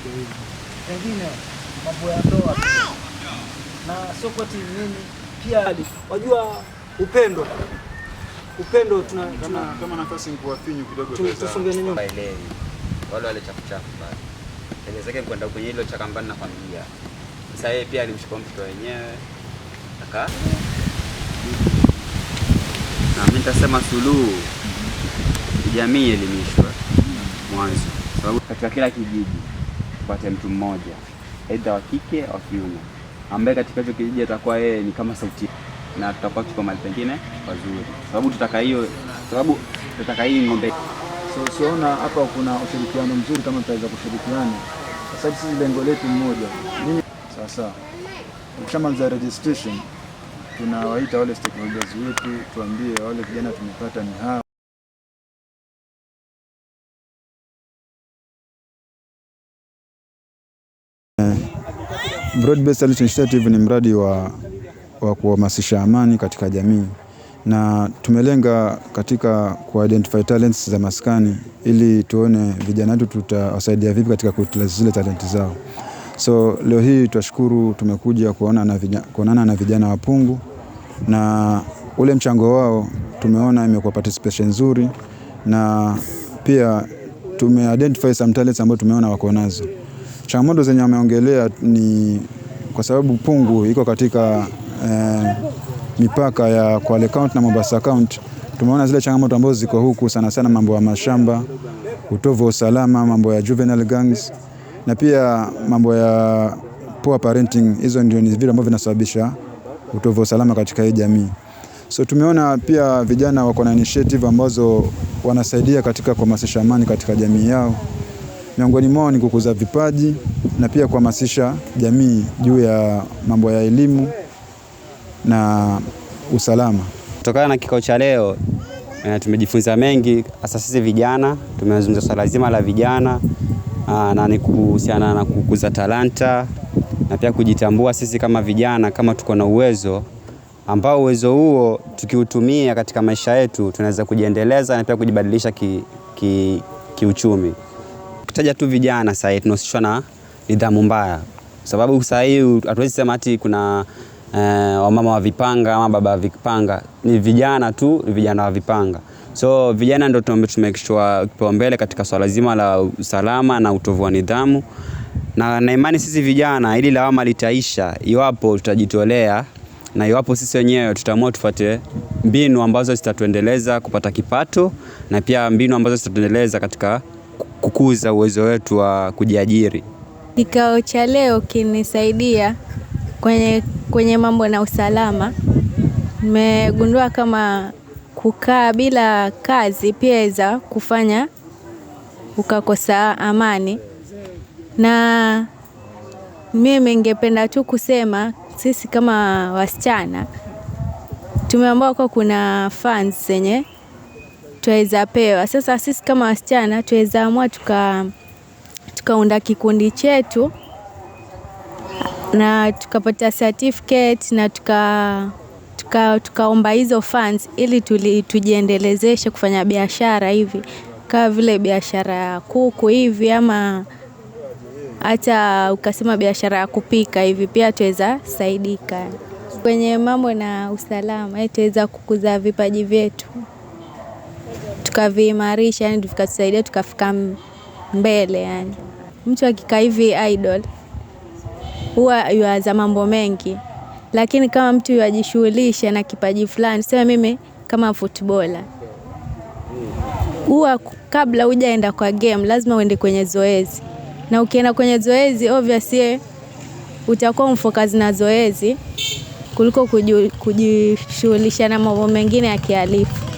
kitu hivi, pengine mambo ya ndoa na sio kwati nini pia ali. Wajua upendo upendo, tuna kama kama nafasi nikuwafinyu kidogo, tusonge nyuma, wale wale chafu chafu basi elezeke kwenda kwenye hilo cha kambani na familia. Sasa yeye pia alimshika mtoto wenyewe aka na mimi nitasema suluhu jamii elimishwa mwanzo, sababu katika kila kijiji tupate mtu mmoja aidha wa kike au kiume, ambaye katika hicho kijiji atakuwa yeye ni kama sauti, na tutakuwa tuko mahali pengine pazuri, sababu tutaka hiyo, sababu tutaka hii ng'ombe. So siona hapa kuna ushirikiano mzuri, kama tutaweza kushirikiana, kwa sababu sisi lengo letu mmoja. Mimi sasa za registration, tunawaita wale stakeholders wetu, tuambie wale vijana tumepata ni hao Eh. Broad Based Initiative ni mradi wa, wa kuhamasisha amani katika jamii na tumelenga katika ku-identify talents za maskani ili tuone vijana wetu tutawasaidia vipi katika kuutileza zile talenti zao. So leo hii twashukuru tumekuja kuonana na, na vijana wa Pungu na ule mchango wao tumeona imekuwa participation nzuri na pia tume identify some talents ambazo tumeona wako nazo. Changamoto zenye wameongelea ni kwa sababu Pungu iko katika eh, mipaka ya Kwale County na Mombasa County. Tumeona zile changamoto ambazo ziko huku sana sana, mambo ya mashamba, utovu wa usalama, mambo ya juvenile gangs na pia mambo ya poor parenting. Hizo ndio ni vitu ambavyo vinasababisha utovu wa usalama katika hii jamii. So tumeona pia vijana wako na initiative ambazo wanasaidia katika kuhamasisha amani katika jamii yao. Miongoni mwao ni kukuza vipaji na pia kuhamasisha jamii juu ya mambo ya elimu na usalama. Kutokana na kikao cha leo e, tumejifunza mengi, hasa sisi vijana. Tumezungumza swala zima la vijana aa, ah, na ni kuhusiana na kukuza talanta na pia kujitambua sisi kama vijana, kama tuko na uwezo ambao uwezo huo tukiutumia katika maisha yetu tunaweza kujiendeleza na pia kujibadilisha ki, ki, kiuchumi kutaja tu vijana sasa hivi tunahusishwa na nidhamu mbaya, sababu sasa hivi hatuwezi sema ati kuna eh, wamama wa vipanga ama baba wa vipanga, ni vijana tu, ni vijana wa vipanga. So vijana ndio make tumekishwa kipaumbele katika swala zima la usalama na utovu wa nidhamu, na naimani sisi vijana, ili lawama litaisha iwapo tutajitolea na iwapo sisi wenyewe tutaamua tufuate mbinu ambazo zitatuendeleza kupata kipato na pia mbinu ambazo zitatuendeleza katika kukuza uwezo wetu wa kujiajiri. Kikao cha leo kinisaidia kwenye, kwenye mambo na usalama. Nimegundua kama kukaa bila kazi pia weza kufanya ukakosa amani, na mimi ningependa tu kusema sisi kama wasichana tumeambiwa kuwa kuna fans zenye tuweza pewa. Sasa sisi kama wasichana tuweza amua tuka tukaunda kikundi chetu na tukapata certificate na tuka tukaomba tuka hizo funds ili tuli, tujiendelezeshe kufanya biashara hivi kama vile biashara ya kuku hivi ama hata ukasema biashara ya kupika hivi pia tuweza saidika kwenye mambo na usalama, eh, tuweza kukuza vipaji vyetu tukaviimarisha, yani vikatusaidia tukafika mbele. Yani mtu akikaa hivi idol huwa yuwaza mambo mengi, lakini kama mtu yajishughulisha na kipaji fulani, sema mimi kama futbola huwa kabla hujaenda kwa game lazima uende kwenye zoezi, na ukienda kwenye zoezi obviously utakuwa mfokazi na zoezi kuliko kujishughulisha na mambo mengine ya kihalifu.